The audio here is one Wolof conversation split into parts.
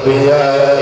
Rabbiyah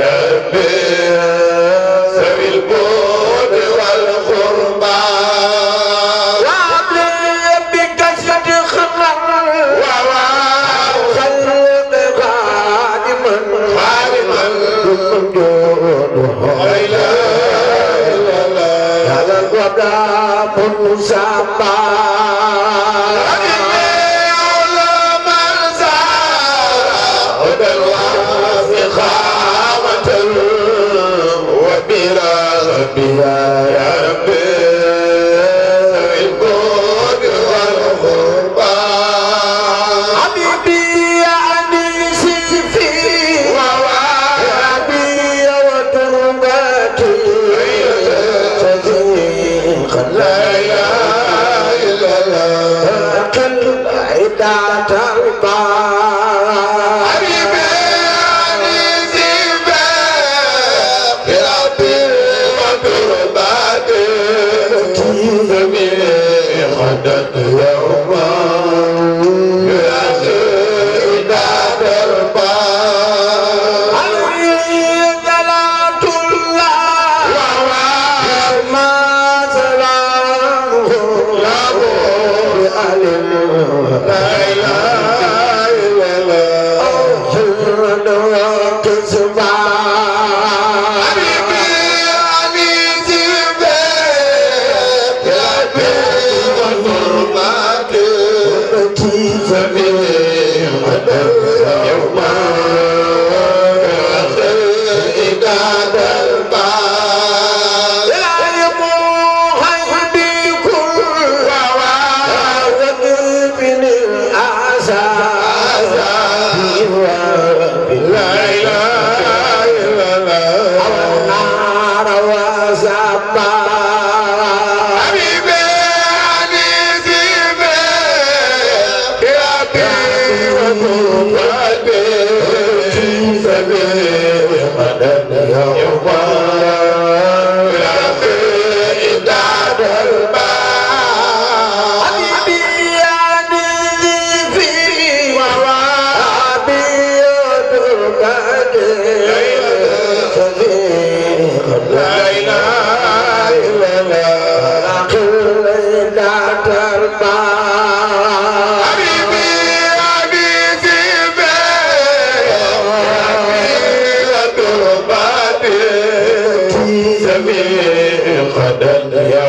به غدا يا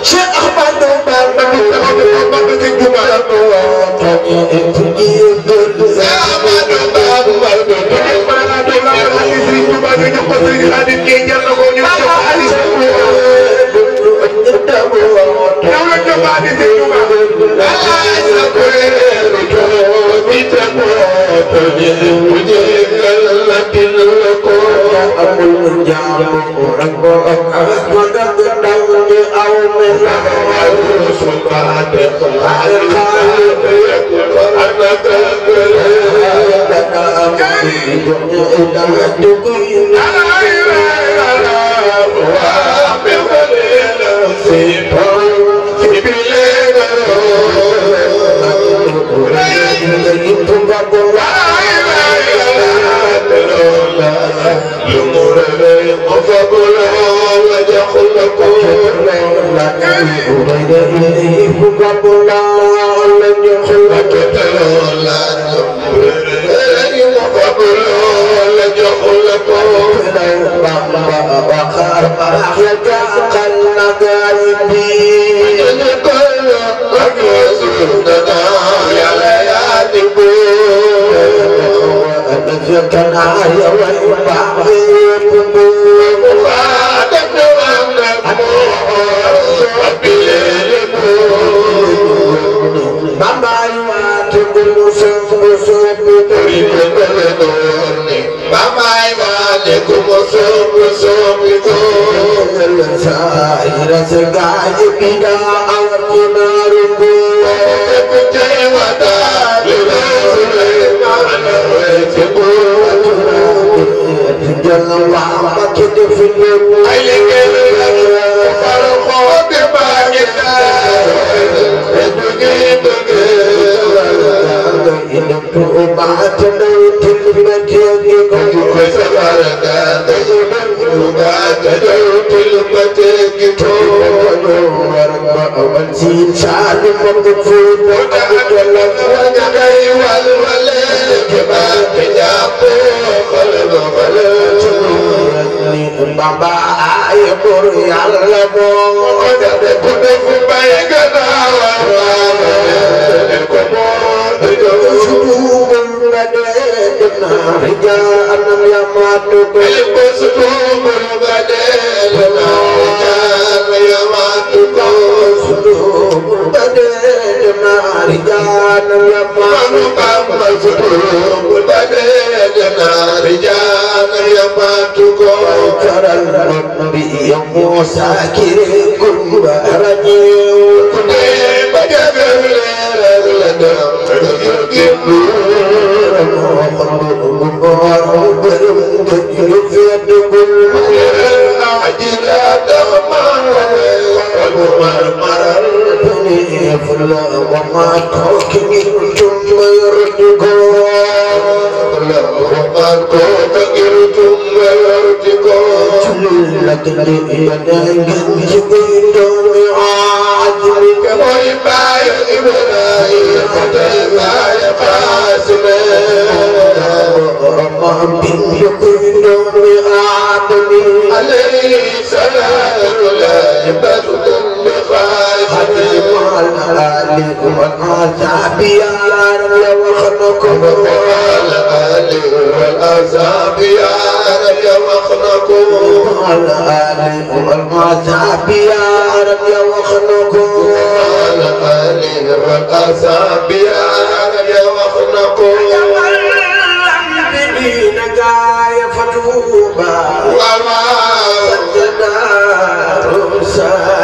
Cheikh Ahmadou Bamba mi taxaw na ko Bamba ci juma Cheikh Ahmadou Bamba mi Thank you. I'm not going to be able to do it. يا ويبا I'm gonna make you mine. buur yàlla moom moo def ku ne fu bay gannaawam def ko moom def sudubam badeet na rijaanam yamaatu def ko sudubam badeet na rijaanam yamaatu ko sudubam badeet na rijaanam yamaatu ko sudubam badeet na I'm not talking to you. تمرئ يديك جبين وعاد عليك ويبايع إبراهيم ويبايع قاسم ربهم يقين وعاد عليه سلام لا يبدو عليكم العذاب يا رب وخلقكم وعلى آله والعذاب يا رب والآل والمعتاب يا يا وخنقوا والآل يا رب يا وخنقوا دينك وما سدنا رسالة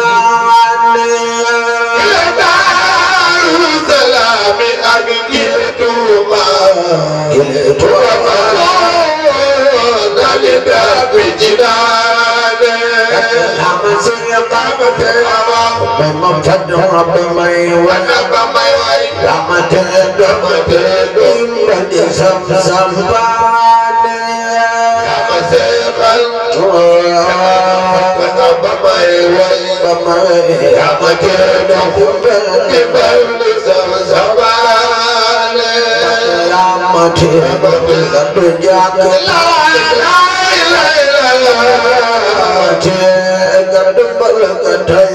dama ba may way dama te dama te imba di sam sam baane dama se xal dama may way dama dama te dama imba di sam sam baane dama te dama te jak la la la la te gadum bal gadai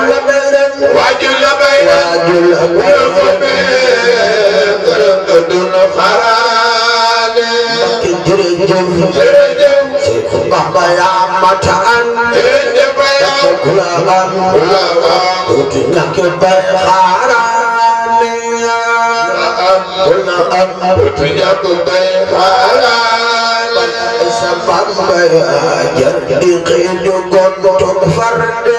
waajul la bay la waajul la bay la ko bee këram ko dund faraane jërëjëf jërëjëf Seex Bamba yaa mata an jërëjëf yaa kulaban kulaban tuuti ñàkk bay xaaraane kulaban tuuti ñàkk bay xaaraane sa Bamba yaa jar di xëy ñu gontu farde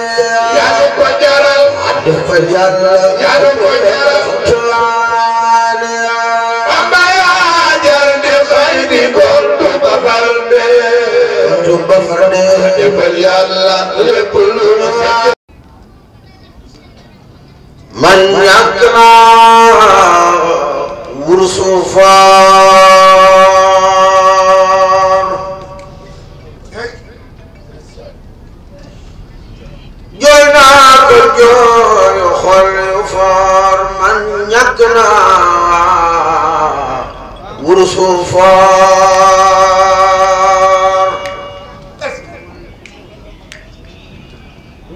من أقنى ورس فار جلنا كل xool foor man ñàkk naa wurusu foor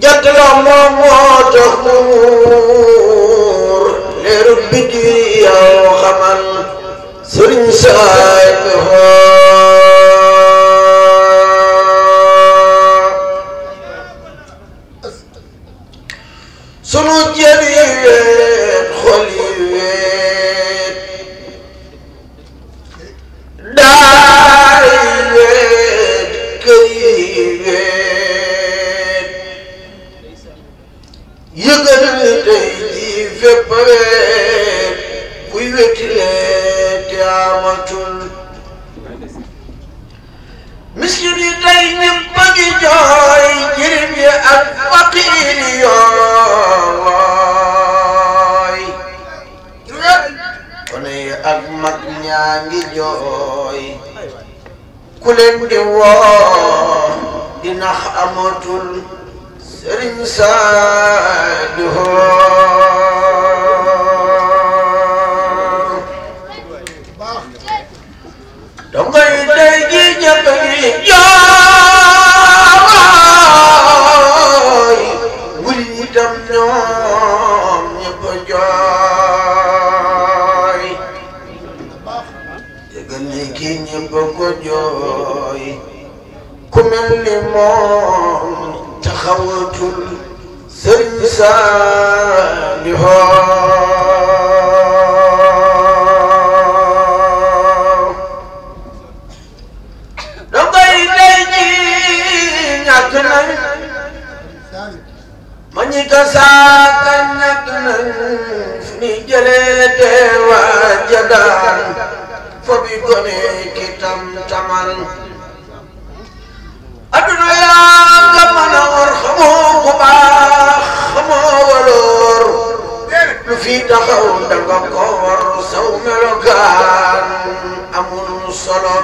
jant la moom yeah. ku leen di woo dinax amatul sëriñ Saalihu dangay day ji ko jooy ku mel ni moom taxawatul sëriñ Saalihu fii taxaw danga ko war saw melokaan amul solo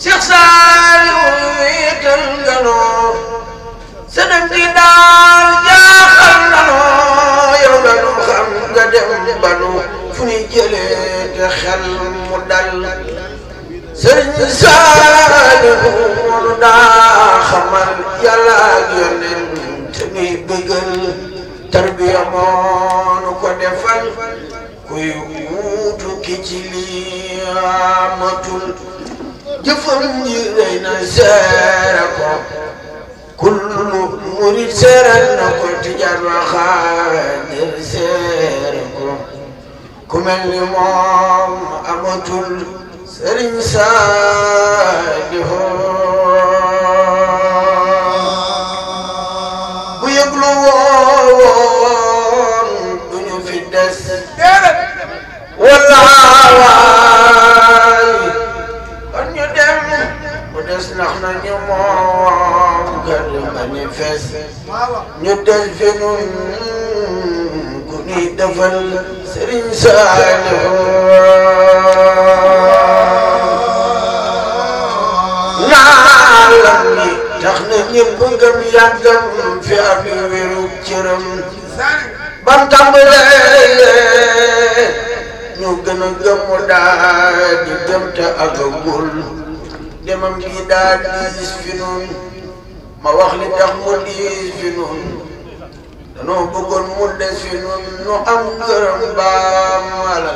Cheikh Saliou wéetal nga noo sënëm di daal jaaxal na noo yow la nu xam nga dem ba nu fu ñuy jëlee te xel mu dal Sëriñ Saliou moo nu daa xamal yàlla ak yonent te ñuy bëggal tarbiya moonu ku mel ni moom amatul sëriñ saalihu yëglu woon du ñu fi des wallaay kon ñu dem mu des nax na ñu moom gën manifeste ñu des fi nun ku ñuy defal Serigne Saliou tax na ñëpp ngëm yàggam fi ak wéru cëram bam tàmbalee ñu gën a gëmmu daal di gëm te demam gi daal fi nun ma wax li tax mu diis fi nun danoo bëggoon mu des nu am gërëm baam alal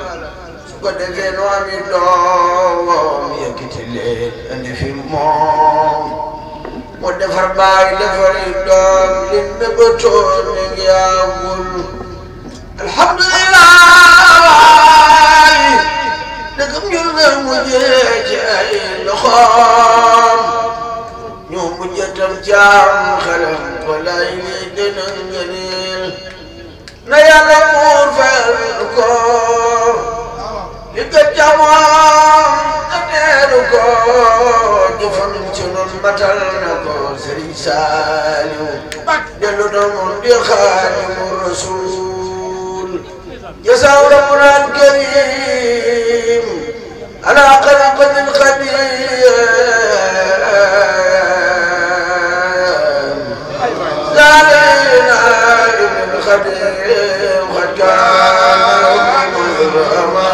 su ko defee nu ami doom yëkkati leen andi fi moom mu defar baay defar yi doom li mu bëtoon ni ngi amul alhamdulilah dëggam ñu ne mu jee ci ay loxoom ñu mu jëtam jaam xelam walaay li dina ngëneel na yàlla muur fayal ko li ko jamoon te teelu ko jëfam matal na ko Serigne Saliou dellu doomu di Xaadimu Rasuul jasaw Rabbunaa al-Kariim alaa xalqatin xadiim zaadina ibn xadiim xad kaana